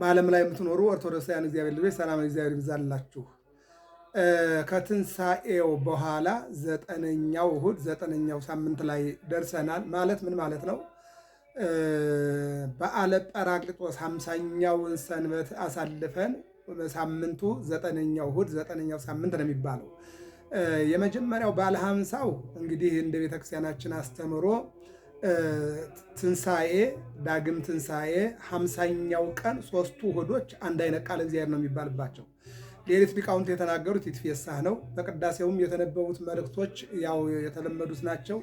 በዓለም ላይ የምትኖሩ ኦርቶዶክሳውያን እግዚአብሔር ልጆች ሰላም እግዚአብሔር ይብዛላችሁ። ከትንሣኤው በኋላ ዘጠነኛው እሁድ ዘጠነኛው ሳምንት ላይ ደርሰናል። ማለት ምን ማለት ነው? በዓለ ጰራቅሊጦስ ሃምሳኛውን ሰንበት አሳልፈን ሳምንቱ ዘጠነኛው እሁድ ዘጠነኛው ሳምንት ነው የሚባለው። የመጀመሪያው ባለ ሀምሳው እንግዲህ እንደ ቤተክርስቲያናችን አስተምሮ ትንሣኤ ዳግም ትንሣኤ ሀምሳኛው ቀን ሶስቱ እሑዶች አንድ አይነት ቃል እግዚአብሔር ነው የሚባልባቸው። ሌሊት ሊቃውንት የተናገሩት ይትፌሳህ ነው። በቅዳሴውም የተነበቡት መልእክቶች ያው የተለመዱት ናቸው።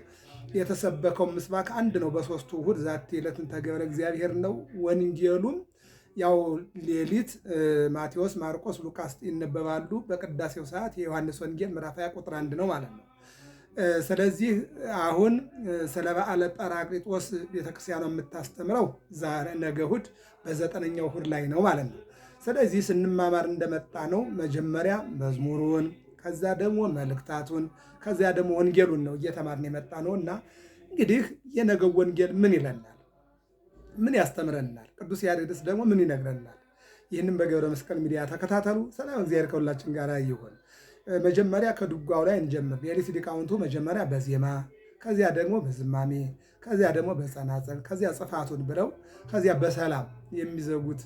የተሰበከው ምስባክ አንድ ነው በሶስቱ እሑድ ዛቲ ዕለትን ተገብረ እግዚአብሔር ነው። ወንጌሉም ያው ሌሊት ማቴዎስ፣ ማርቆስ፣ ሉቃስ ይነበባሉ። በቅዳሴው ሰዓት የዮሐንስ ወንጌል ምዕራፍ ቁጥር አንድ ነው ማለት ነው። ስለዚህ አሁን ስለ በዓለ ጰራቅሊጦስ ቤተክርስቲያኗ የምታስተምረው ዛሬ ነገ እሑድ በዘጠነኛው እሑድ ላይ ነው ማለት ነው። ስለዚህ ስንማማር እንደመጣ ነው መጀመሪያ መዝሙሩን ከዛ ደግሞ መልእክታቱን ከዚያ ደግሞ ወንጌሉን ነው እየተማርን የመጣ ነው እና እንግዲህ የነገው ወንጌል ምን ይለናል? ምን ያስተምረናል? ቅዱስ ያሬድስ ደግሞ ምን ይነግረናል? ይህንም በገብረ መስቀል ሚዲያ ተከታተሉ። ሰላም፣ እግዚአብሔር ከሁላችን ጋር ይሁን። መጀመሪያ ከድጓው ላይ እንጀምር። የሊት ሊቃውንቱ መጀመሪያ በዜማ ከዚያ ደግሞ በዝማሜ ከዚያ ደግሞ በጸናጸል ከዚያ ጽፋቱን ብለው ከዚያ በሰላም የሚዘጉት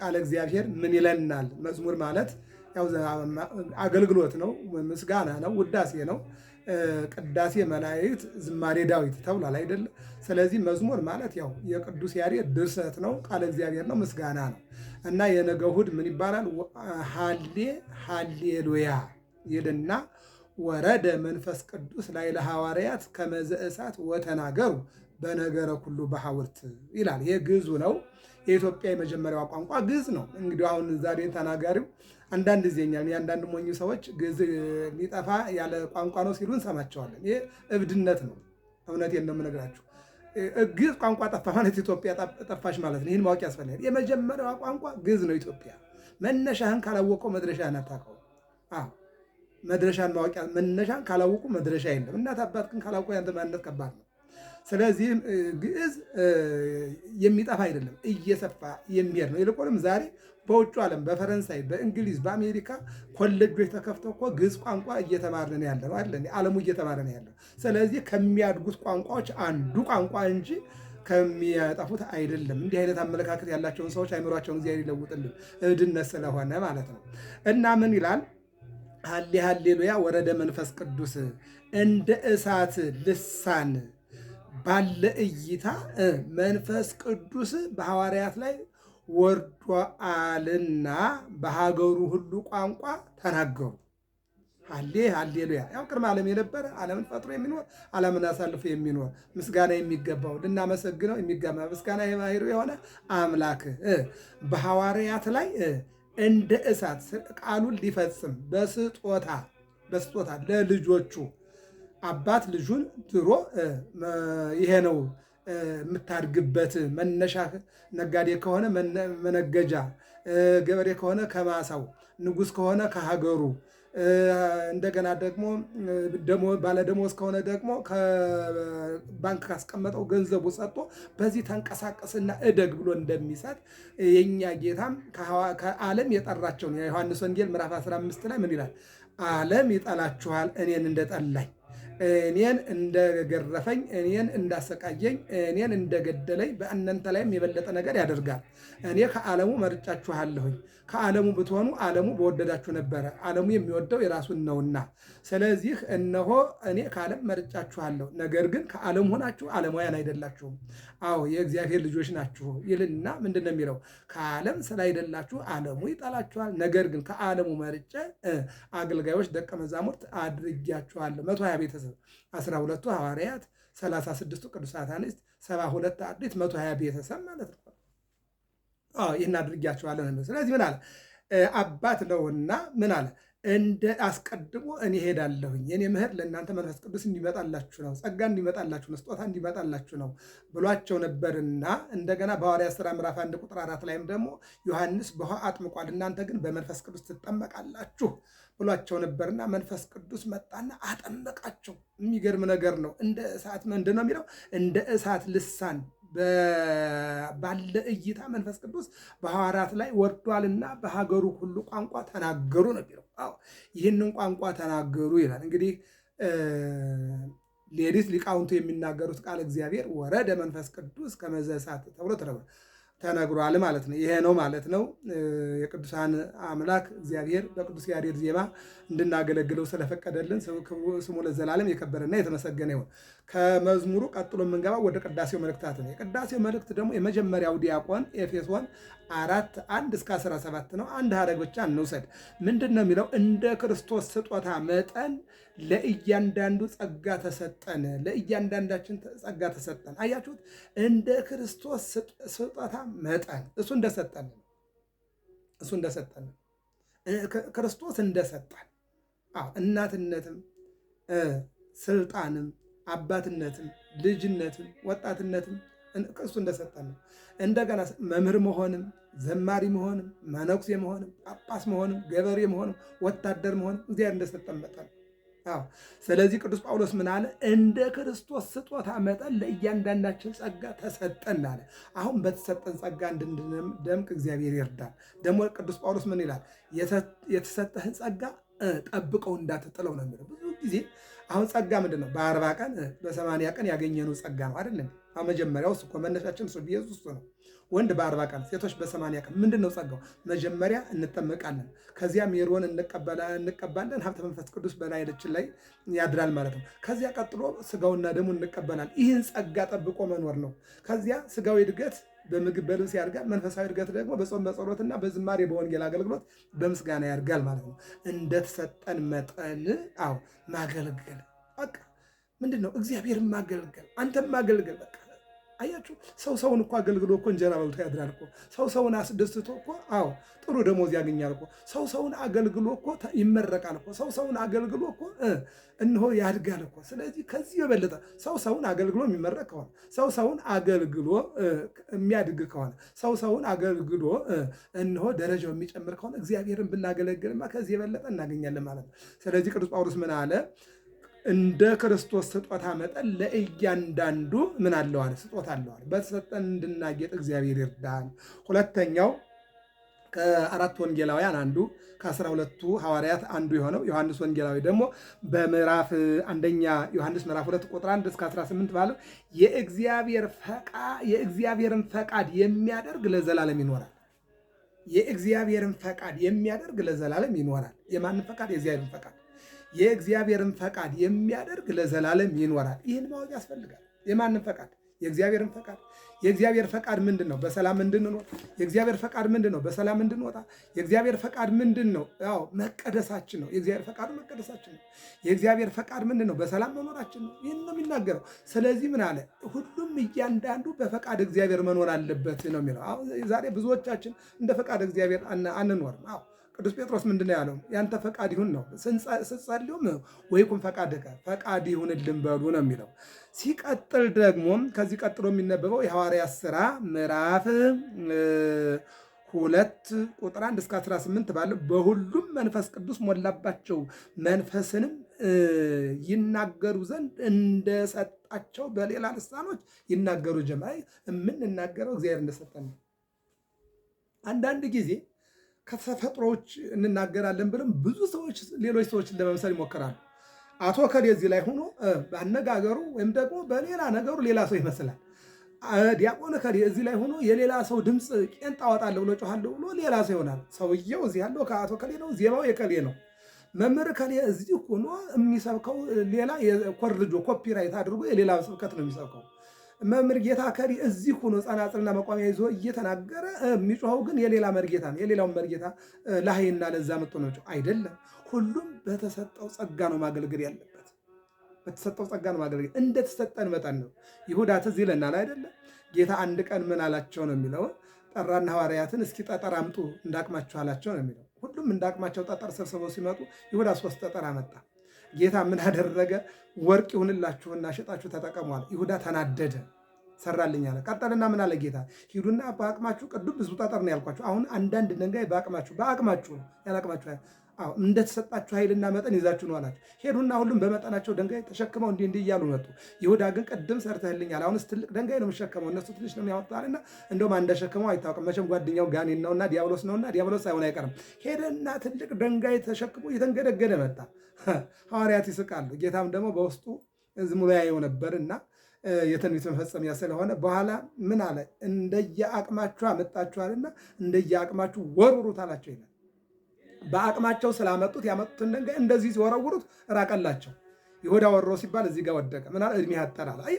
ቃለ እግዚአብሔር ምን ይለናል? መዝሙር ማለት ያው አገልግሎት ነው፣ ምስጋና ነው፣ ውዳሴ ነው። ቅዳሴ መላእክት፣ ዝማሬ ዳዊት ተብሏል አይደለም። ስለዚህ መዝሙር ማለት ያው የቅዱስ ያሬድ ድርሰት ነው፣ ቃለ እግዚአብሔር ነው፣ ምስጋና ነው እና የነገ እሑድ ምን ይባላል? ሀሌ ሀሌሉያ ይልና ወረደ መንፈስ ቅዱስ ላይ ለሐዋርያት ከመዘ እሳት ወተናገሩ በነገረ ሁሉ በሐውርት ይላል። ይህ ግዕዙ ነው። የኢትዮጵያ የመጀመሪያዋ ቋንቋ ግዕዝ ነው። እንግዲህ አሁን ዛሬ ተናጋሪው አንዳንድ ጊዜ እኛም የአንዳንድ ሞኝ ሰዎች ግዕዝ የሚጠፋ ያለ ቋንቋ ነው ሲሉ እንሰማቸዋለን። ይሄ እብድነት ነው። እውነት ነው የምነግራችሁ። ግዕዝ ቋንቋ ጠፋ ማለት ኢትዮጵያ ጠፋሽ ማለት ነው። ይህን ማወቅ ያስፈልጋል። የመጀመሪያዋ ቋንቋ ግዕዝ ነው። ኢትዮጵያ መነሻህን ካላወቀው መድረሻህን አታውቀውም። መድረሻን ማወቂያ መነሻን ካላወቁ መድረሻ የለም። እናት አባት ግን ካላውቁ ያንተ ማንነት ከባድ ነው። ስለዚህ ግዕዝ የሚጠፋ አይደለም፣ እየሰፋ የሚሄድ ነው። ይልቁንም ዛሬ በውጭ ዓለም በፈረንሳይ፣ በእንግሊዝ፣ በአሜሪካ ኮሌጆች ተከፍተው እኮ ግዕዝ ቋንቋ እየተማርን ያለ ነው አለ ዓለሙ እየተማረ ስለዚህ ከሚያድጉት ቋንቋዎች አንዱ ቋንቋ እንጂ ከሚያጠፉት አይደለም። እንዲህ አይነት አመለካከት ያላቸውን ሰዎች አይምሯቸውን እግዚአብሔር ይለውጥልን፣ እድነት ስለሆነ ማለት ነው። እና ምን ይላል? ሀሌ ሀሌሉያ ወረደ መንፈስ ቅዱስ እንደ እሳት ልሳን ባለ እይታ መንፈስ ቅዱስ በሐዋርያት ላይ ወርዶአልና በሀገሩ ሁሉ ቋንቋ ተናገሩ። ሀሌ ሃሌሉያ። ያው ቅድመ ዓለም የነበረ ዓለምን ፈጥሮ የሚኖር ዓለምን አሳልፎ የሚኖር ምስጋና የሚገባው ልናመሰግነው የሚገባ ምስጋና የባህሪው የሆነ አምላክ በሐዋርያት ላይ እንደ እሳት ቃሉን ሊፈጽም በስጦታ በስጦታ ለልጆቹ አባት ልጁን ድሮ ይሄ ነው የምታድግበት መነሻ ነጋዴ ከሆነ መነገጃ፣ ገበሬ ከሆነ ከማሳው፣ ንጉስ ከሆነ ከሀገሩ፣ እንደገና ደግሞ ባለደሞዝ ከሆነ ደግሞ ከባንክ ካስቀመጠው ገንዘቡ ሰጥቶ በዚህ ተንቀሳቀስና እደግ ብሎ እንደሚሰጥ የእኛ ጌታም ከዓለም የጠራቸው ነው። ዮሐንስ ወንጌል ምዕራፍ 15 ላይ ምን ይላል? ዓለም ይጠላችኋል፣ እኔን እንደጠላኝ እኔን እንደገረፈኝ፣ እኔን እንዳሰቃየኝ፣ እኔን እንደገደለኝ በእናንተ ላይም የበለጠ ነገር ያደርጋል። እኔ ከዓለሙ መርጫችኋለሁኝ። ከዓለሙ ብትሆኑ ዓለሙ በወደዳችሁ ነበረ። ዓለሙ የሚወደው የራሱን ነውና፣ ስለዚህ እነሆ እኔ ከዓለም መርጫችኋለሁ። ነገር ግን ከዓለም ሆናችሁ ዓለማውያን አይደላችሁም። አዎ የእግዚአብሔር ልጆች ናችሁ ይልና ምንድን ነው የሚለው? ከዓለም ስላይደላችሁ ዓለሙ ይጠላችኋል። ነገር ግን ከዓለሙ መርጬ አገልጋዮች ደቀ መዛሙርት አድርጊያችኋለሁ። መቶ ሀያ ቤተሰብ ቤተሰብ 12 12ቱ ሐዋርያት፣ 36ቱ ቅዱሳት አንስት፣ ሁለት አርድእት፣ 120 ቤተሰብ ማለት ነው። ይህን አድርጊያቸዋለን። ስለዚህ ምን አለ አባት ነውና ምን አለ እንደ አስቀድሞ እኔ ሄዳለሁኝ እኔ ምህር ለእናንተ መንፈስ ቅዱስ እንዲመጣላችሁ ነው፣ ጸጋ እንዲመጣላችሁ ነው፣ ስጦታ እንዲመጣላችሁ ነው ብሏቸው ነበርና እንደገና በሐዋርያ ስራ ምዕራፍ አንድ ቁጥር አራት ላይም ደግሞ ዮሐንስ በውሃ አጥምቋል፣ እናንተ ግን በመንፈስ ቅዱስ ትጠመቃላችሁ ብሏቸው ነበርና መንፈስ ቅዱስ መጣና አጠመቃቸው። የሚገርም ነገር ነው። እንደ እሳት ምንድን ነው የሚለው? እንደ እሳት ልሳን ባለ እይታ መንፈስ ቅዱስ በሐዋርያት ላይ ወርዷልና በሀገሩ ሁሉ ቋንቋ ተናገሩ ነው የሚለው። አዎ ይህንን ቋንቋ ተናገሩ ይላል። እንግዲህ ሌሊት ሊቃውንቱ የሚናገሩት ቃል እግዚአብሔር ወረደ መንፈስ ቅዱስ ከመዘ እሳት ተብሎ ተነግሯል። ተነግሯል ማለት ነው። ይሄ ነው ማለት ነው። የቅዱሳን አምላክ እግዚአብሔር በቅዱስ ያሬድ ዜማ እንድናገለግለው ስለፈቀደልን ስሙ ለዘላለም የከበረና የተመሰገነ ይሁን። ከመዝሙሩ ቀጥሎ የምንገባ ወደ ቅዳሴው መልእክታት ነው። የቅዳሴው መልእክት ደግሞ የመጀመሪያው ዲያቆን ኤፌሶን አራት አንድ እስከ 17 ነው። አንድ ሀረግ ብቻ እንውሰድ። ምንድን ነው የሚለው? እንደ ክርስቶስ ስጦታ መጠን ለእያንዳንዱ ጸጋ ተሰጠን። ለእያንዳንዳችን ጸጋ ተሰጠን። አያችሁት? እንደ ክርስቶስ ስጦታ መጠን እሱ እንደሰጠን እሱ እንደሰጠን ክርስቶስ እንደሰጠን እናትነትም ስልጣንም አባትነትም ልጅነትም ወጣትነትም እሱ እንደሰጠን ነው። እንደገና መምህር መሆንም ዘማሪ መሆንም መነኩሴ መሆንም ጳጳስ መሆንም ገበሬ መሆንም ወታደር መሆንም እግዚአብሔር እንደሰጠን መጠን። ስለዚህ ቅዱስ ጳውሎስ ምን አለ? እንደ ክርስቶስ ስጦታ መጠን ለእያንዳንዳችን ጸጋ ተሰጠን አለ። አሁን በተሰጠን ጸጋ እንድንደምቅ እግዚአብሔር ይርዳል። ደግሞ ቅዱስ ጳውሎስ ምን ይላል? የተሰጠህን ጸጋ ጠብቀው እንዳትጥለው ነው የሚለው። ጊዜ አሁን ጸጋ ምንድን ነው? በአርባ ቀን በሰማንያ ቀን ያገኘነው ጸጋ ነው አይደለም? መጀመሪያው እሱ እኮ መነሻችን እሱ ኢየሱስ እሱ ነው። ወንድ በአርባ ቀን ሴቶች በሰማንያ ቀን ምንድን ነው ጸጋው? መጀመሪያ እንጠመቃለን፣ ከዚያ ሜሮን እንቀባለን፣ ሀብተ መንፈስ ቅዱስ በላይለችን ላይ ያድራል ማለት ነው። ከዚያ ቀጥሎ ስጋውና ደሙ እንቀበላል። ይህን ጸጋ ጠብቆ መኖር ነው። ከዚያ ስጋዊ እድገት በምግብ በልብስ ያድጋል። መንፈሳዊ እድገት ደግሞ በጾም በጸሎትና በዝማሬ በወንጌል አገልግሎት በምስጋና ያድጋል ማለት ነው። እንደተሰጠን መጠን አዎ ማገልገል በቃ ምንድን ነው እግዚአብሔር ማገልገል አንተም ማገልገል በቃ አያችሁ ሰው ሰውን እኮ አገልግሎ እኮ እንጀራ በልቶ ያድራል እኮ ሰው ሰውን አስደስቶ እኮ አዎ ጥሩ ደሞዝ ያገኛል እኮ ሰው ሰውን አገልግሎ እኮ ይመረቃል እኮ ሰው ሰውን አገልግሎ እኮ እንሆ ያድጋል እኮ ስለዚህ ከዚህ የበለጠ ሰው ሰውን አገልግሎ የሚመረቅ ከሆነ ሰው ሰውን አገልግሎ የሚያድግ ከሆነ ሰው ሰውን አገልግሎ እንሆ ደረጃው የሚጨምር ከሆነ እግዚአብሔርን ብናገለግልማ ከዚህ የበለጠ እናገኛለን ማለት ነው ስለዚህ ቅዱስ ጳውሎስ ምን አለ እንደ ክርስቶስ ስጦታ መጠን ለእያንዳንዱ ምን አለዋል? ስጦታ አለዋል። በተሰጠን እንድናጌጥ እግዚአብሔር ይርዳል። ሁለተኛው ከአራት ወንጌላውያን አንዱ ከአስራ ሁለቱ ሐዋርያት አንዱ የሆነው ዮሐንስ ወንጌላዊ ደግሞ በምዕራፍ አንደኛ ዮሐንስ ምዕራፍ ሁለት ቁጥር አንድ እስከ 18 ባለው የእግዚአብሔርን ፈቃድ የሚያደርግ ለዘላለም ይኖራል። የእግዚአብሔርን ፈቃድ የሚያደርግ ለዘላለም ይኖራል። የማንን ፈቃድ? የእግዚአብሔርን ፈቃድ የእግዚአብሔርን ፈቃድ የሚያደርግ ለዘላለም ይኖራል። ይህን ማወቅ ያስፈልጋል። የማንም ፈቃድ የእግዚአብሔርን ፈቃድ የእግዚአብሔር ፈቃድ ምንድን ነው? በሰላም እንድንኖር። የእግዚአብሔር ፈቃድ ምንድን ነው? በሰላም እንድንወጣ። የእግዚአብሔር ፈቃድ ምንድን ነው? ያው መቀደሳችን ነው። የእግዚአብሔር ፈቃዱ መቀደሳችን ነው። የእግዚአብሔር ፈቃድ ምንድን ነው? በሰላም መኖራችን ነው። ይህን ነው የሚናገረው። ስለዚህ ምን አለ? ሁሉም እያንዳንዱ በፈቃድ እግዚአብሔር መኖር አለበት ነው የሚለው። ዛሬ ብዙዎቻችን እንደ ፈቃድ እግዚአብሔር አንኖርም። አዎ ቅዱስ ጴጥሮስ ምንድን ነው ያለው? ያንተ ፈቃድ ይሁን ነው። ስንጸልዩም ወይኩም ፈቃድከ ፈቃድ ይሁንልን በሉ ነው የሚለው። ሲቀጥል ደግሞ ከዚህ ቀጥሎ የሚነበበው የሐዋርያት ስራ ምዕራፍ ሁለት ቁጥር አንድ እስከ 18 ባለው በሁሉም መንፈስ ቅዱስ ሞላባቸው፣ መንፈስንም ይናገሩ ዘንድ እንደሰጣቸው በሌላ ልሳኖች ይናገሩ ጀመር። የምንናገረው እግዚአብሔር እንደሰጠን ነው። አንዳንድ ጊዜ ከተፈጥሮዎች እንናገራለን ብለን ብዙ ሰዎች ሌሎች ሰዎችን ለመምሰል ይሞክራሉ። አቶ ከሌ እዚህ ላይ ሆኖ በአነጋገሩ ወይም ደግሞ በሌላ ነገሩ ሌላ ሰው ይመስላል። ዲያቆን ከሌ እዚህ ላይ ሆኖ የሌላ ሰው ድምፅ ቄንጥ አወጣለሁ ብሎ ጮኋለሁ ብሎ ሌላ ሰው ይሆናል። ሰውየው እዚህ ያለው ከአቶ ከሌ ነው፣ ዜማው የከሌ ነው። መምህር ከሌ እዚህ ሆኖ የሚሰብከው ሌላ ኮርጆ ኮፒራይት አድርጎ የሌላ ስብከት ነው የሚሰብከው። መምህር ጌታ ከሪ እዚህ ሆኖ ጸናጽልና መቋሚያ ይዞ እየተናገረ የሚጮኸው ግን የሌላ መርጌታ ነው። የሌላውን መርጌታ ለሀይና ለዛ መጥቶ ነው አይደለም። ሁሉም በተሰጠው ጸጋ ነው ማገልገል ያለበት። በተሰጠው ጸጋ ነው ማገልገል እንደተሰጠን መጠን ነው። ይሁዳ ትዝ ይለናል አይደለም። ጌታ አንድ ቀን ምን አላቸው ነው የሚለው ጠራና ሐዋርያትን እስኪ ጠጠር አምጡ እንዳቅማችሁ አላቸው ነው የሚለው። ሁሉም እንዳቅማቸው ጠጠር ሰብስበው ሲመጡ ይሁዳ ሶስት ጠጠር አመጣ። ጌታ ምን አደረገ? ወርቅ ይሁንላችሁና ሸጣችሁ ተጠቀሟል። ይሁዳ ተናደደ፣ ሰራልኝ አለ። ቀጠልና ምን አለ ጌታ? ሂዱና በአቅማችሁ ቅዱም ብዙ ጠጠር ነው ያልኳችሁ። አሁን አንዳንድ ድንጋይ በአቅማችሁ በአቅማችሁ ያላቅማችሁ አዎ እንደተሰጣችሁ ኃይልና መጠን ይዛችሁ ነው አላቸው። ሄዱና ሁሉም በመጠናቸው ድንጋይ ተሸክመው እንዲህ እንዲህ እያሉ መጡ። ይሁዳ ግን ቅድም ሰርተህልኛል፣ አሁንስ ትልቅ ድንጋይ ነው የምሸከመው፣ እነሱ ትንሽ ነው የሚያወጣልና እንደውም እንደሸክመው አይታወቅም። መቼም ጓደኛው ጋኔን ነውና ዲያብሎስ ነውና ዲያብሎስ አይሆን አይቀርም። ሄደና ትልቅ ድንጋይ ተሸክሞ እየተንገደገደ መጣ። ሐዋርያት ይስቃሉ። ጌታም ደግሞ በውስጡ ዝም ብሎ ያየው ነበርና እና የትንቢት መፈጸሚያ ስለሆነ በኋላ ምን አለ? እንደየአቅማችሁ አመጣችኋልና እንደየአቅማችሁ ወርሩት አላቸው ይላል። በአቅማቸው ስላመጡት ያመጡትን ድንጋይ እንደዚህ ሲወረውሩት ራቀላቸው። ይሁዳ ወሮ ሲባል እዚህ ጋር ወደቀ። ምናል እድሜ ያጠራል። አይ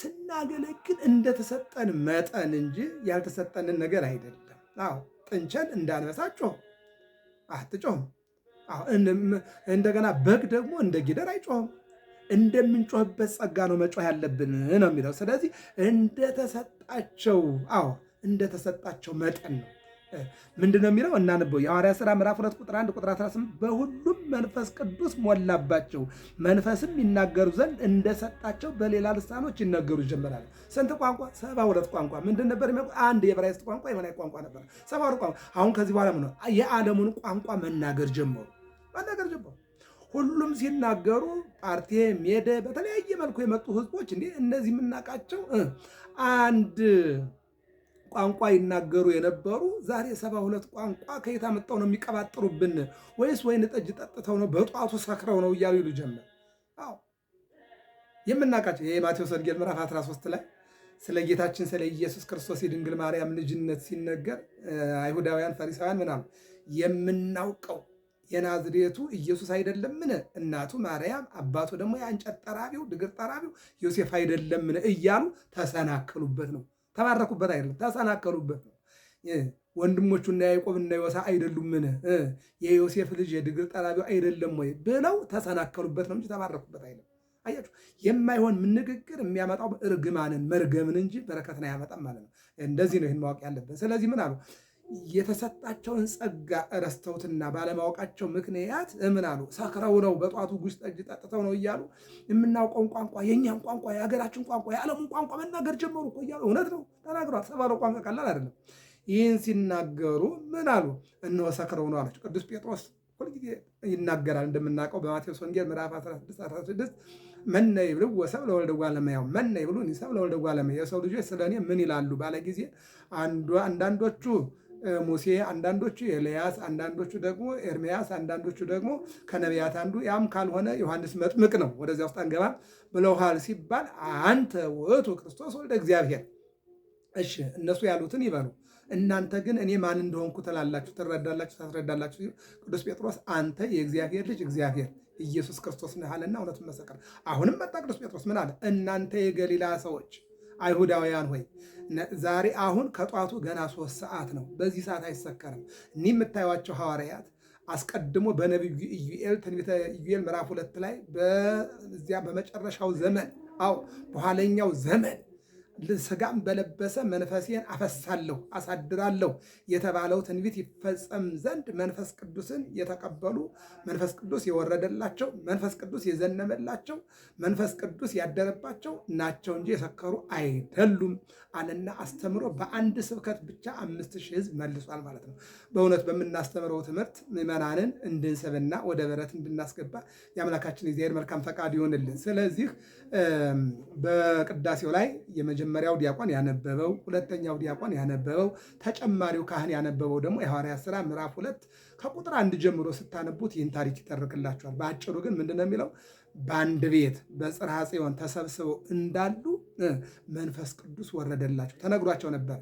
ስናገለግል እንደተሰጠን መጠን እንጂ ያልተሰጠንን ነገር አይደለም። አዎ ጥንቸል እንዳንበሳ ጮህ አትጮህም። እንደገና በግ ደግሞ እንደ ጊደር አይጮህም። እንደምንጮህበት ጸጋ ነው መጮህ ያለብን ነው የሚለው። ስለዚህ እንደተሰጣቸው አዎ እንደተሰጣቸው መጠን ነው ምንድነው የሚለው እናንበው። የሐዋርያ ሥራ ምዕራፍ 2 ቁጥር 1 ቁጥር 18 በሁሉም መንፈስ ቅዱስ ሞላባቸው፣ መንፈስም ይናገሩ ዘንድ እንደሰጣቸው በሌላ ልሳኖች ይናገሩ ይጀምራሉ። ስንት ቋንቋ? ሰባ ሁለት ቋንቋ። ምንድን ነበር የሚያውቁ? አንድ የዕብራይስጥ ቋንቋ፣ የመላእክት ቋንቋ ነበር። ሰባ ሁለት ቋንቋ። አሁን ከዚህ በኋላ ምን ነው? የዓለሙን ቋንቋ መናገር ጀመሩ፣ መናገር ጀመሩ። ሁሉም ሲናገሩ ፓርቴ ሜደ በተለያየ መልኩ የመጡ ህዝቦች እንዲህ እነዚህ የምናውቃቸው አንድ ቋንቋ ይናገሩ የነበሩ ዛሬ ሰባ ሁለት ቋንቋ ከየት አመጣው ነው የሚቀባጥሩብን? ወይስ ወይን ጠጅ ጠጥተው ነው በጧቱ ሰክረው ነው እያሉ ይሉ ጀመር። አዎ የምናውቃቸው ማቴዎስ ወንጌል ምዕራፍ 13 ላይ ስለ ጌታችን ስለ ኢየሱስ ክርስቶስ የድንግል ማርያም ልጅነት ሲነገር አይሁዳውያን፣ ፈሪሳውያን ምናምን የምናውቀው የናዝሬቱ ኢየሱስ አይደለምን? እናቱ ማርያም፣ አባቱ ደግሞ የእንጨት ጠራቢው ድግር ጠራቢው ዮሴፍ አይደለምን? እያሉ ተሰናክሉበት ነው። ተባረኩበት አይደለም፣ ተሰናከሉበት ነው። ወንድሞቹ ወንድሞቹና ያዕቆብና ዮሳ አይደሉምን? የዮሴፍ ልጅ የድግር ጠራቢው አይደለም ወይ ብለው ተሰናከሉበት ነው እንጂ ተባረኩበት አይደለም። አያችሁ፣ የማይሆን ንግግር የሚያመጣው እርግማንን መርገምን እንጂ በረከትን አያመጣም ማለት ነው። እንደዚህ ነው ይህን ማወቅ ያለብን። ስለዚህ ምን አሉ? የተሰጣቸውን ጸጋ እረስተውትና ባለማወቃቸው ምክንያት ምን አሉ? ሰክረው ነው፣ በጧቱ ጉሽ ጠጅ ጠጥተው ነው እያሉ የምናውቀውን ቋንቋ፣ የእኛን ቋንቋ፣ የሀገራችን ቋንቋ፣ የዓለሙን ቋንቋ መናገር ጀመሩ እኮ እያሉ እውነት ነው ተናግሯል። ሰባረው ቋንቋ ቀላል አይደለም። ይህን ሲናገሩ ምን አሉ? እነሆ ሰክረው ነው አላቸው። ቅዱስ ጴጥሮስ ሁልጊዜ ይናገራል እንደምናውቀው በማቴዎስ ወንጌል ምዕራፍ 16 16 መነ ይብሉ ወሰብ ለወልደ መነ ይብሉ ሰብ ለወልደ የሰው ልጆች ስለ እኔ ምን ይላሉ ባለ ጊዜ አንዳንዶቹ ሙሴ፣ አንዳንዶቹ ኤልያስ፣ አንዳንዶቹ ደግሞ ኤርሚያስ፣ አንዳንዶቹ ደግሞ ከነቢያት አንዱ ያም ካልሆነ ዮሐንስ መጥምቅ ነው፣ ወደዚያ ውስጥ አንገባ ብለውሃል ሲባል አንተ ውእቱ ክርስቶስ ወልደ እግዚአብሔር። እሺ እነሱ ያሉትን ይበሉ፣ እናንተ ግን እኔ ማን እንደሆንኩ ትላላችሁ፣ ትረዳላችሁ፣ ታስረዳላችሁ። ቅዱስ ጴጥሮስ አንተ የእግዚአብሔር ልጅ እግዚአብሔር ኢየሱስ ክርስቶስ ነህ አለና እውነቱን መሰከረ። አሁንም መጣ ቅዱስ ጴጥሮስ ምን አለ? እናንተ የገሊላ ሰዎች አይሁዳውያን ሆይ ዛሬ አሁን ከጧቱ ገና ሶስት ሰዓት ነው። በዚህ ሰዓት አይሰከርም። እኒህ የምታዩቸው ሐዋርያት አስቀድሞ በነቢዩ ኢዩኤል ትንቢተ ኢዩኤል ምዕራፍ ሁለት ላይ በዚያ በመጨረሻው ዘመን አው በኋለኛው ዘመን ስጋም በለበሰ መንፈሴን አፈሳለሁ አሳድራለሁ የተባለው ትንቢት ይፈጸም ዘንድ መንፈስ ቅዱስን የተቀበሉ መንፈስ ቅዱስ የወረደላቸው መንፈስ ቅዱስ የዘነበላቸው መንፈስ ቅዱስ ያደረባቸው ናቸው እንጂ የሰከሩ አይደሉም አለና አስተምሮ በአንድ ስብከት ብቻ አምስት ሺህ ህዝብ መልሷል ማለት ነው። በእውነት በምናስተምረው ትምህርት ምዕመናንን እንድንስብና ወደ በረት እንድናስገባ የአምላካችን እግዚአብሔር መልካም ፈቃድ ይሆንልን። ስለዚህ በቅዳሴው ላይ የመጀመሪያው ዲያቆን ያነበበው፣ ሁለተኛው ዲያቆን ያነበበው፣ ተጨማሪው ካህን ያነበበው ደግሞ የሐዋርያት ሥራ ምዕራፍ ሁለት ከቁጥር አንድ ጀምሮ ስታነቡት ይህን ታሪክ ይጠርቅላቸዋል። በአጭሩ ግን ምንድነው የሚለው? በአንድ ቤት በጽርሐ ጽዮን ተሰብስበው እንዳሉ መንፈስ ቅዱስ ወረደላቸው። ተነግሯቸው ነበር።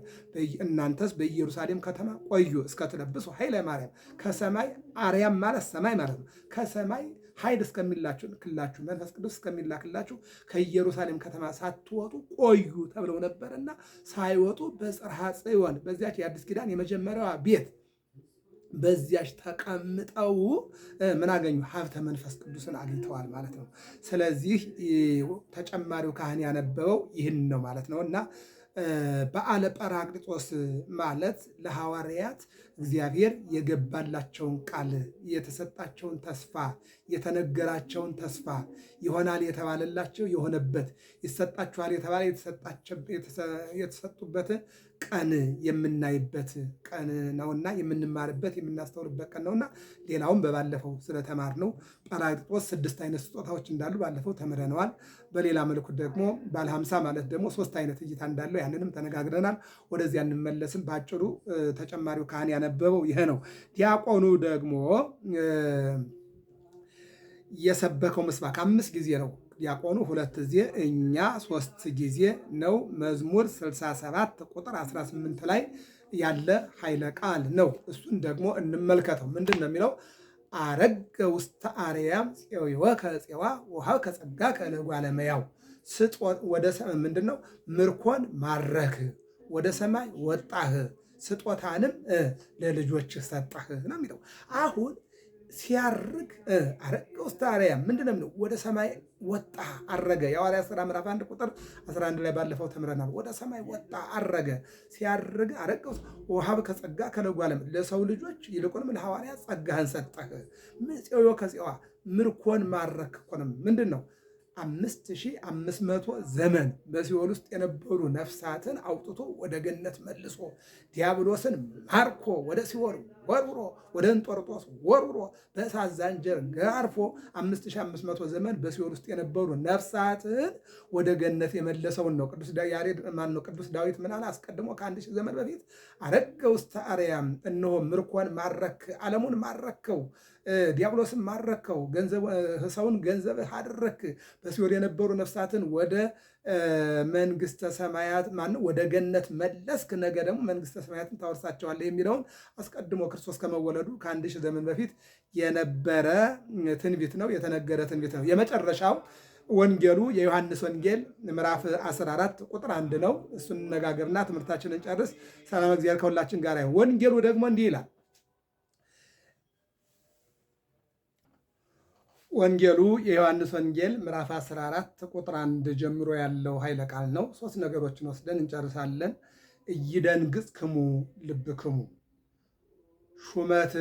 እናንተስ በኢየሩሳሌም ከተማ ቆዩ እስከ ትለብሱ ኃይለ ማርያም ከሰማይ አርያም ማለት ሰማይ ማለት ነው ከሰማይ ኃይል እስከሚላችሁ ልክላችሁ መንፈስ ቅዱስ እስከሚላክላችሁ ከኢየሩሳሌም ከተማ ሳትወጡ ቆዩ ተብለው ነበርና ሳይወጡ በጽርሐ ጽዮን በዚያች የአዲስ ኪዳን የመጀመሪያዋ ቤት በዚያች ተቀምጠው ምን አገኙ? ሀብተ መንፈስ ቅዱስን አግኝተዋል ማለት ነው። ስለዚህ ተጨማሪው ካህን ያነበበው ይህን ነው ማለት ነው እና በዓለ ጰራቅሊጦስ ማለት ለሐዋርያት እግዚአብሔር የገባላቸውን ቃል የተሰጣቸውን ተስፋ የተነገራቸውን ተስፋ ይሆናል የተባለላቸው የሆነበት ይሰጣችኋል የተባለ የተሰጡበትን ቀን የምናይበት ቀን ነውና የምንማርበት የምናስተውልበት ቀን ነውና ሌላውም በባለፈው ስለተማርነው ጰራቅሊጦስ ስድስት አይነት ስጦታዎች እንዳሉ ባለፈው ተምረነዋል። በሌላ መልኩ ደግሞ ባለ ሀምሳ ማለት ደግሞ ሶስት አይነት እይታ እንዳለው ያንንም ተነጋግረናል። ወደዚህ እንመለስም። በአጭሩ ተጨማሪው ካህን ያነበበው ይህ ነው። ዲያቆኑ ደግሞ የሰበከው ምስባክ አምስት ጊዜ ነው ዲያቆኑ ሁለት ጊዜ እኛ ሶስት ጊዜ ነው። መዝሙር 67 ቁጥር 18 ላይ ያለ ኃይለ ቃል ነው። እሱን ደግሞ እንመልከተው። ምንድን ነው የሚለው? አረገ ውስተ አርያም ፄወ ከፄዋ ውሃ ከጸጋ ከለጓለመያው ወደ ምንድን ነው ምርኮን ማረክ ወደ ሰማይ ወጣህ ስጦታንም ለልጆች ሰጣህ ነው የሚለው አሁን ሲያርግ አረገ ውስተ አርያም ምንድነው ነው ወደ ሰማይ ወጣ አረገ። የሐዋርያት ሥራ ምዕራፍ አንድ ቁጥር 11 ላይ ባለፈው ተምረናል። ወደ ሰማይ ወጣ አረገ። ሲያርግ አረገ ውስጥ ውሃብ ከጸጋ ከለጓለም ለሰው ልጆች ይልቁንም ለሐዋርያት ጸጋህን ሰጠህ። ምጽዮ ከጽዋ ምርኮን ማረክ እኮ ነው። ምንድን ነው አምስት ሺህ አምስት መቶ ዘመን በሲኦል ውስጥ የነበሩ ነፍሳትን አውጥቶ ወደ ገነት መልሶ ዲያብሎስን ማርኮ ወደ ሲኦል ወርውሮ ወደ እንጦርጦስ ወርውሮ በእሳት ዛንጀር ገርፎ 5500 ዘመን በሲኦል ውስጥ የነበሩ ነፍሳትን ወደ ገነት የመለሰውን ነው። ቅዱስ ያሬድ ማን ነው? ቅዱስ ዳዊት ምን አለ? አስቀድሞ ከአንድ ሺህ ዘመን በፊት አረገ ውስተ አርያም፣ እነሆ ምርኮን ማረክ፣ ዓለሙን ማረከው፣ ዲያብሎስን ማረከው፣ ሰውን ገንዘብ አደረክ፣ በሲኦል የነበሩ ነፍሳትን ወደ መንግስተ ሰማያት ማን ወደ ገነት መለስክ፣ ነገ ደግሞ መንግስተ ሰማያትን ታወርሳቸዋለህ የሚለውን አስቀድሞ ክርስቶስ ከመወለዱ ከአንድ ሺህ ዘመን በፊት የነበረ ትንቢት ነው፣ የተነገረ ትንቢት ነው። የመጨረሻው ወንጌሉ የዮሐንስ ወንጌል ምዕራፍ 14 ቁጥር አንድ ነው። እሱን እንነጋገርና ትምህርታችንን ጨርስ። ሰላም እግዚአብሔር ከሁላችን ጋር ወንጌሉ ደግሞ እንዲህ ይላል ወንጌሉ የዮሐንስ ወንጌል ምዕራፍ 14 ቁጥር 1 ጀምሮ ያለው ኃይለ ቃል ነው። ሶስት ነገሮችን ወስደን እንጨርሳለን። ኢይደንግጽክሙ ልብክሙ፣ ሹመት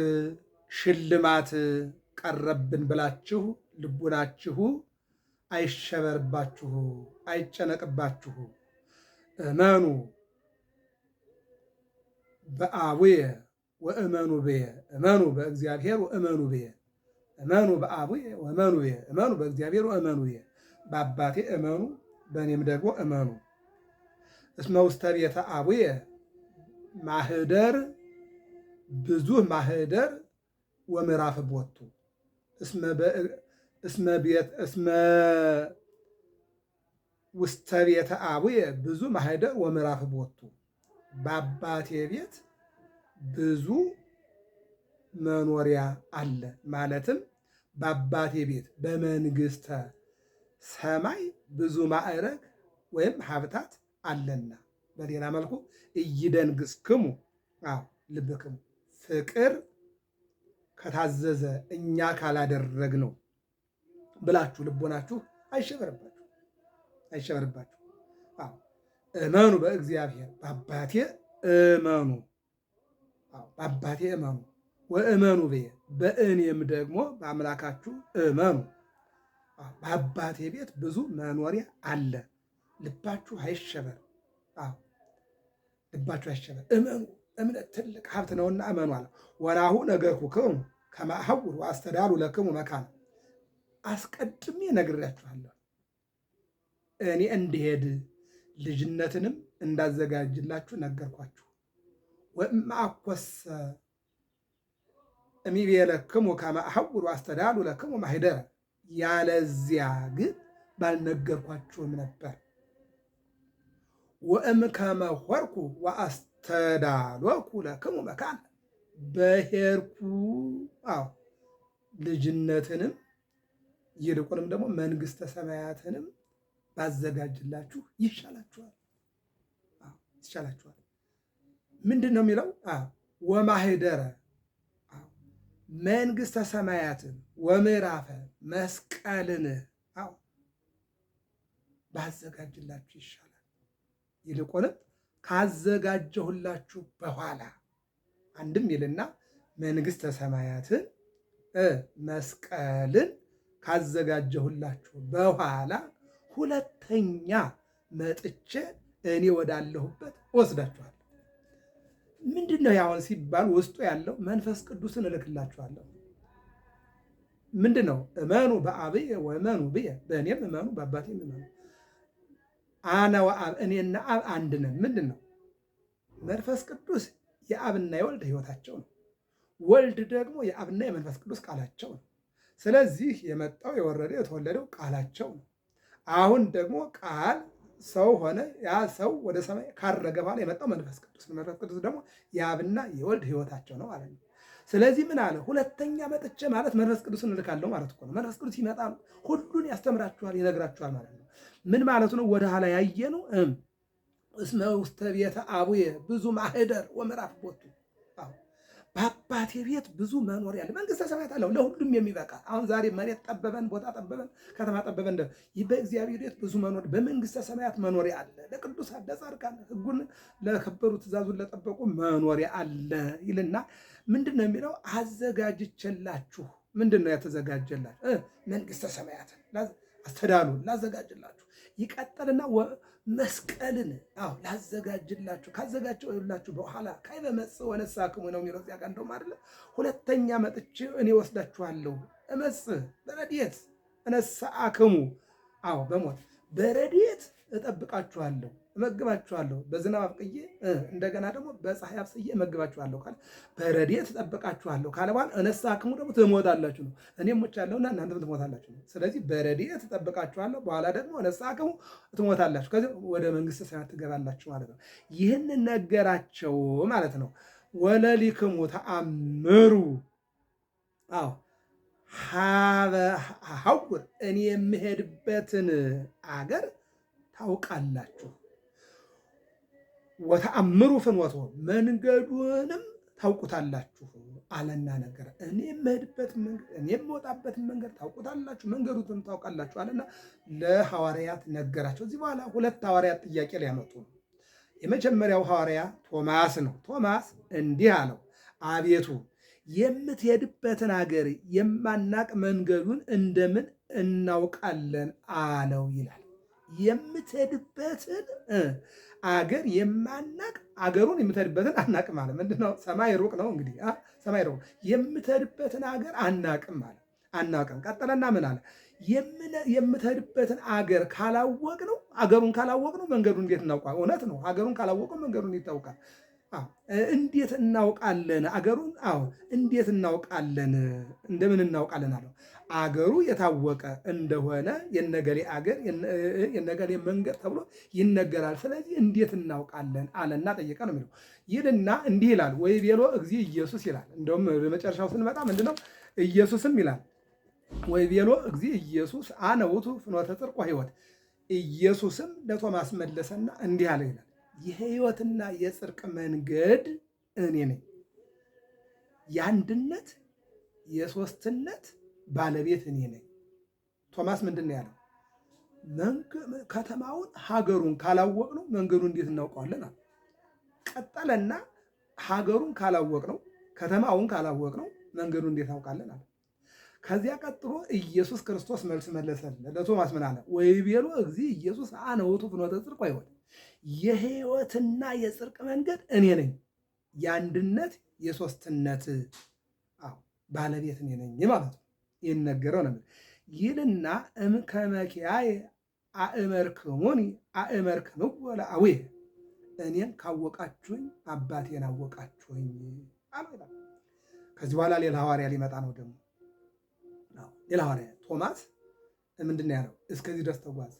ሽልማት ቀረብን ብላችሁ ልቡናችሁ አይሸበርባችሁ፣ አይጨነቅባችሁ። እመኑ በአቡየ ወእመኑ ብየ፣ እመኑ በእግዚአብሔር ወእመኑ ብየ እመኑ በአቡ እመኑ እመኑ በእግዚአብሔር እመኑ በአባቴ እመኑ በእኔም ደግሞ እመኑ። እስመ ውስተ ቤተ አቡየ ማህደር ብዙህ ማህደር ወምዕራፍ ቦቱ እስመ ውስተ ቤተ አቡየ ብዙ ማህደር ወምዕራፍ ቦቱ በአባቴ ቤት ብዙ መኖሪያ አለ። ማለትም በአባቴ ቤት በመንግስተ ሰማይ ብዙ ማዕረግ ወይም ሀብታት አለና። በሌላ መልኩ እይደንግስክሙ ልብክሙ ፍቅር ከታዘዘ እኛ ካላደረግ ነው ብላችሁ ልቦናችሁ አይሸበርባችሁ አይሸበርባችሁ። እመኑ በእግዚአብሔር በአባቴ እመኑ በአባቴ እመኑ ወእመኑ ቤ በእኔም ደግሞ በአምላካችሁ እመኑ። በአባቴ ቤት ብዙ መኖሪያ አለ፣ ልባችሁ አይሸበር፣ ልባችሁ አይሸበር። እመኑ፣ እምነት ትልቅ ሀብት ነውና እመኑ አለ። ወናሁ ነገርኩክሙ ከመ አሐውር ወአስተዳሉ ለክሙ መካን፣ አስቀድሜ ነግሬያችኋለሁ እኔ እንድሄድ ልጅነትንም እንዳዘጋጅላችሁ ነገርኳችሁ። ወእምአኮሰ እሚቤለክሙ ከመ አሐውሩ አስተዳሉ ለክሙ ማኅደረ፣ ያለዚያ ግን ባልነገርኳችሁም ነበር። ወእም ወእምከመ ሆርኩ ወአስተዳሎኩ ለክሙ መካነ፣ በሄርኩ አዎ ልጅነትንም ይልቁንም ደግሞ መንግስተ ሰማያትንም ባዘጋጅላችሁ ይሻላችኋል ይሻላችኋል። ምንድን ነው የሚለው? ወማኅደረ መንግሥተ ሰማያትን ወምዕራፈ መስቀልን አው ባዘጋጅላችሁ ይሻላል። ይልቁንም ካዘጋጀሁላችሁ በኋላ አንድም ይልና መንግሥተ ሰማያትን መስቀልን ካዘጋጀሁላችሁ በኋላ ሁለተኛ መጥቼ እኔ ወዳለሁበት ወስዳችኋል። ምንድን ነው ያሁን ሲባል ውስጡ ያለው መንፈስ ቅዱስን እልክላችኋለሁ። ምንድን ነው እመኑ በአብየ ወእመኑ ብየ፣ በእኔም እመኑ በአባቴም እመኑ። አነ ወአብ እኔና አብ አንድ ነን። ምንድን ነው መንፈስ ቅዱስ የአብና የወልድ ህይወታቸው ነው። ወልድ ደግሞ የአብና የመንፈስ ቅዱስ ቃላቸው ነው። ስለዚህ የመጣው የወረደው የተወለደው ቃላቸው ነው። አሁን ደግሞ ቃል ሰው ሆነ። ያ ሰው ወደ ሰማይ ካረገ በኋላ የመጣው መንፈስ ቅዱስ፣ መንፈስ ቅዱስ ደግሞ የአብና የወልድ ህይወታቸው ነው ማለት ነው። ስለዚህ ምን አለ? ሁለተኛ መጥቼ ማለት መንፈስ ቅዱስ እንልካለሁ ማለት እኮ ነው። መንፈስ ቅዱስ ይመጣል፣ ሁሉን ያስተምራችኋል፣ ይነግራችኋል ማለት ነው። ምን ማለቱ ነው? ወደ ኋላ ያየነው እስመ ውስተ ቤተ አቡየ ብዙ ማህደር ወምዕራፍ ቦቱ በአባቴ ቤት ብዙ መኖር ያለ መንግስተ ሰማያት አለው ለሁሉም የሚበቃ አሁን ዛሬ መሬት ጠበበን፣ ቦታ ጠበበን፣ ከተማ ጠበበን። በእግዚአብሔር ቤት ብዙ መኖር በመንግስተ ሰማያት መኖሪያ አለ፣ ለቅዱሳን ለጻድቃን፣ ህጉን ለከበሩ ትእዛዙን ለጠበቁ መኖሪያ አለ ይልና ምንድን ነው የሚለው? አዘጋጅቼላችሁ ምንድን ነው ያተዘጋጀላችሁ? መንግስተ ሰማያትን አስተዳሉ ላዘጋጅላችሁ ይቀጥልና መስቀልን አዎ ላዘጋጅላችሁ ካዘጋጀሁላችሁ በኋላ ካይ በመጽእ ወነሳክሙ ነው የሚለው እዚያ ጋር እንደውም አይደለ ሁለተኛ መጥቼ እኔ ወስዳችኋለሁ እመጽእ በረድኤት እነሳክሙ አዎ በሞት በረድኤት እጠብቃችኋለሁ እመግባችኋለሁ በዝናብ አብቅዬ እንደገና ደግሞ በፀሐይ አብስዬ እመግባችኋለሁ ካለ በረድኤት እጠብቃችኋለሁ ካለ በኋላ አክሙ ደግሞ ትሞታላችሁ ነው። እኔም ሞቻለሁና እናንተም ትሞታላችሁ ነው። ስለዚህ በረድኤት እጠብቃችኋለሁ፣ በኋላ ደግሞ እነሳክሙ ትሞታላችሁ፣ ከዚ ወደ መንግስት ሰማያት ትገባላችሁ ማለት ነው። ይህን ነገራቸው ማለት ነው። ወለሊክሙ ተአምሩ አዎ ሀውር እኔ የምሄድበትን አገር ታውቃላችሁ። ወተአምሩ ፍኖቶ መንገዱንም ታውቁታላችሁ አለና ነገር እኔ የምሄድበት መንገድ እኔ የምወጣበት መንገድ ታውቁታላችሁ፣ መንገዱንም ታውቃላችሁ አለና ለሐዋርያት ነገራቸው። እዚህ በኋላ ሁለት ሐዋርያት ጥያቄ ሊያመጡ ነው። የመጀመሪያው ሐዋርያ ቶማስ ነው። ቶማስ እንዲህ አለው፣ አቤቱ የምትሄድበትን አገር የማናቅ መንገዱን እንደምን እናውቃለን አለው ይላል የምትሄድበትን አገር የማናቅ አገሩን የምትሄድበትን አናቅም አለ። ምንድነው? ሰማይ ሩቅ ነው እንግዲህ ሰማይ ሩቅ የምትሄድበትን አገር አናቅም አለ። አናቅም ቀጠለና ምን አለ? የምትሄድበትን አገር ካላወቅ ነው አገሩን ካላወቅ ነው መንገዱን እንዴት እናውቃ? እውነት ነው። አገሩን ካላወቀው መንገዱን ይታውቃል። እንዴት እናውቃለን? አገሩን አዎ፣ እንዴት እናውቃለን? እንደምን እናውቃለን አለው። አገሩ የታወቀ እንደሆነ የነገሌ አገር የነገሌ መንገድ ተብሎ ይነገራል። ስለዚህ እንዴት እናውቃለን አለና ጠየቀ ነው የሚለው። ይልና እንዲህ ይላል ወይ ቤሎ እግዚ ኢየሱስ ይላል። እንደውም ለመጨረሻው ስንመጣ ምንድነው ኢየሱስም ይላል ወይ ቤሎ እግዚ ኢየሱስ አነ ውእቱ ፍኖተ ጽድቅ ወሕይወት። ኢየሱስም ለቶማስ መለሰና እንዲህ አለ ይላል የህይወትና የጽርቅ መንገድ እኔ ነኝ። የአንድነት የሶስትነት ባለቤት እኔ ነኝ። ቶማስ ምንድን ነው ያለው? ከተማውን ሀገሩን ካላወቅ ነው መንገዱ እንዴት እናውቀዋለን? አለ። ቀጠለና ሀገሩን ካላወቅ ነው ከተማውን ካላወቅ ነው መንገዱ እንዴት አውቃለን? አለ። ከዚያ ቀጥሎ ኢየሱስ ክርስቶስ መልስ መለሰልን ለቶማስ ምን አለ? ወይቤሎ እግዚእ ኢየሱስ አነ ውእቱ ፍኖተ ጽድቅ የህይወትና የጽርቅ መንገድ እኔ ነኝ፣ የአንድነት የሶስትነት ባለቤት እኔ ነኝ ማለት ነው። ይነገረው ነው ይልና እምከመኪያይ አእመርክሙን አእመርክም ወለአዊ እኔን ካወቃችሁኝ አባቴን አወቃችሁኝ አሉ ይላል። ከዚህ በኋላ ሌላ ሐዋርያ ሊመጣ ነው። ደግሞ ሌላ ሐዋርያ ቶማስ ምንድን ነው ያለው? እስከዚህ ድረስ ተጓዘ።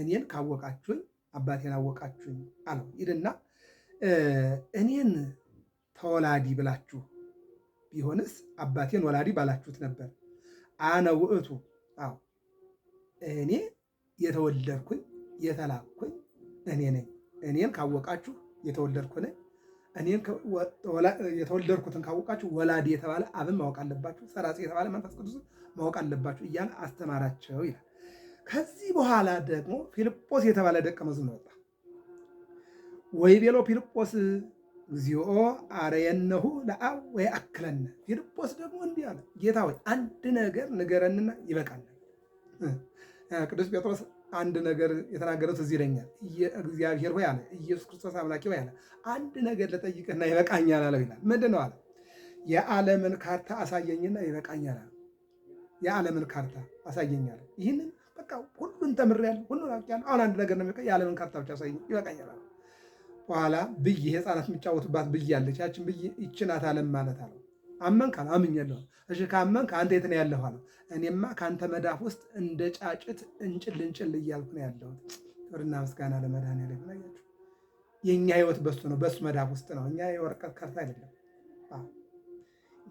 እኔን ካወቃችሁኝ አባቴን አወቃችሁኝ አለው። ይልና እኔን ተወላዲ ብላችሁ ቢሆንስ አባቴን ወላዲ ባላችሁት ነበር። አነ ውእቱ አዎ እኔ የተወለድኩኝ የተላኩኝ እኔ ነኝ። እኔን ካወቃችሁ የተወለድኩ ነኝ። እኔን የተወለድኩትን ካወቃችሁ ወላዲ የተባለ አብን ማወቅ አለባችሁ፣ ሰራጽ የተባለ መንፈስ ቅዱስ ማወቅ አለባችሁ እያለ አስተማራቸው ይላል። ከዚህ በኋላ ደግሞ ፊልጶስ የተባለ ደቀ መዝሙር ወጣ። ወይ ቤሎ ፊልጶስ እግዚኦ አረየነሁ ለአብ ወይ አክለነ። ፊልጶስ ደግሞ እንዲህ አለ፣ ጌታ ሆይ አንድ ነገር ንገረንና ይበቃል። ቅዱስ ጴጥሮስ አንድ ነገር የተናገረው እዚህ ይለኛል። እግዚአብሔር ሆይ አለ፣ ኢየሱስ ክርስቶስ አምላኬ ሆይ አለ፣ አንድ ነገር ልጠይቅህና ይበቃኛል አለው ይላል። ምንድን ነው አለ? የዓለምን ካርታ አሳየኝና ይበቃኛል አለ። የዓለምን ካርታ አሳየኛል። ይህንን በቃ ሁሉን ተምሬያለሁ፣ ሁሉን አውቄያለሁ። አሁን አንድ ነገር ነው የሚቀር የዓለምን ካርታ ብቻ ሳይ ይበቃኛል። በኋላ ብይ የህፃናት የሚጫወቱባት ብይ አለች። ያችን ብይ ይችናት ዓለም ማለት አለው። አመንክ አለ አምኛለሁ። እሺ ካመንክ አንተ የት ነው ያለሁ አለ። እኔማ ከአንተ መዳፍ ውስጥ እንደ ጫጭት እንጭል እንጭል እያልኩ ነው ያለሁት። ክብርና ምስጋና ለመድኃኒዓለም ይሁን። የእኛ ህይወት በሱ ነው፣ በሱ መዳፍ ውስጥ ነው። እኛ የወረቀት ካርታ አይደለም።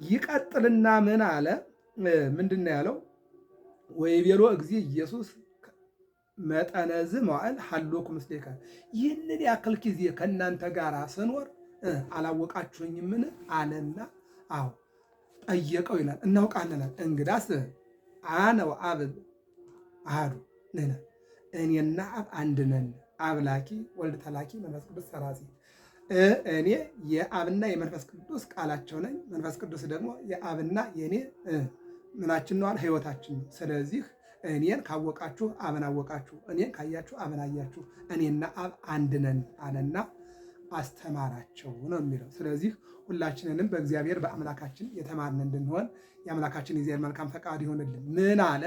ይቀጥልና ምን አለ? ምንድን ነው ያለው? ወይቤሎ እግዚእ ኢየሱስ መጠነዝ መዋዕል ሀሎኩ ምስሌከ ይህንን ያክል ጊዜ ከእናንተ ጋር ስኖር አላወቃችሁኝምን አለና አዎ ጠየቀው ይላል እናውቃለናል እንግዳስ አነ ወአብብ አሐዱ ንሕነ እኔና አብ አንድ ነን አብላኪ ወልድ ተላኪ መንፈስ ቅዱስ ሰራጺ እኔ የአብና የመንፈስ ቅዱስ ቃላቸው ነኝ መንፈስ ቅዱስ ደግሞ የአብና የእኔ ምናችን ነዋል ህይወታችን ነው። ስለዚህ እኔን ካወቃችሁ አብን አወቃችሁ፣ እኔን ካያችሁ አብን አያችሁ፣ እኔና አብ አንድ ነን አለና አስተማራቸው ነው የሚለው። ስለዚህ ሁላችንንም በእግዚአብሔር በአምላካችን የተማርን እንድንሆን የአምላካችን የእግዚአብሔር መልካም ፈቃድ ይሆንልን። ምን አለ?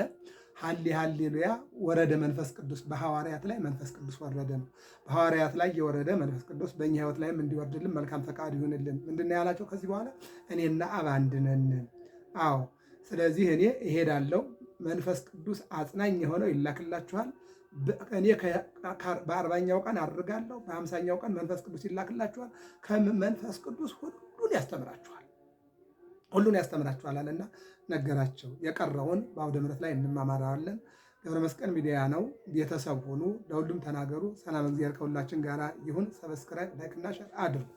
ሀሌ ሀሌሉያ ወረደ መንፈስ ቅዱስ በሐዋርያት ላይ መንፈስ ቅዱስ ወረደ ነው። በሐዋርያት ላይ የወረደ መንፈስ ቅዱስ በእኛ ህይወት ላይም እንዲወርድልን መልካም ፈቃድ ይሆንልን። ምንድን ነው ያላቸው? ከዚህ በኋላ እኔና አብ አንድ ነን። አዎ ስለዚህ እኔ እሄዳለሁ። መንፈስ ቅዱስ አጽናኝ የሆነው ይላክላችኋል። እኔ በአርባኛው ቀን አድርጋለሁ። በአምሳኛው ቀን መንፈስ ቅዱስ ይላክላችኋል። ከመንፈስ ቅዱስ ሁሉን ያስተምራችኋል ሁሉን ያስተምራችኋል አለና ነገራቸው። የቀረውን በአውደ ምሕረት ላይ እንማማራለን። ገብረ መስቀል ሚዲያ ነው። ቤተሰብ ሁኑ፣ ለሁሉም ተናገሩ። ሰላም እግዚአብሔር ከሁላችን ጋር ይሁን። ሰብስክራይብ፣ ላይክ እና ሸር አድርጉ።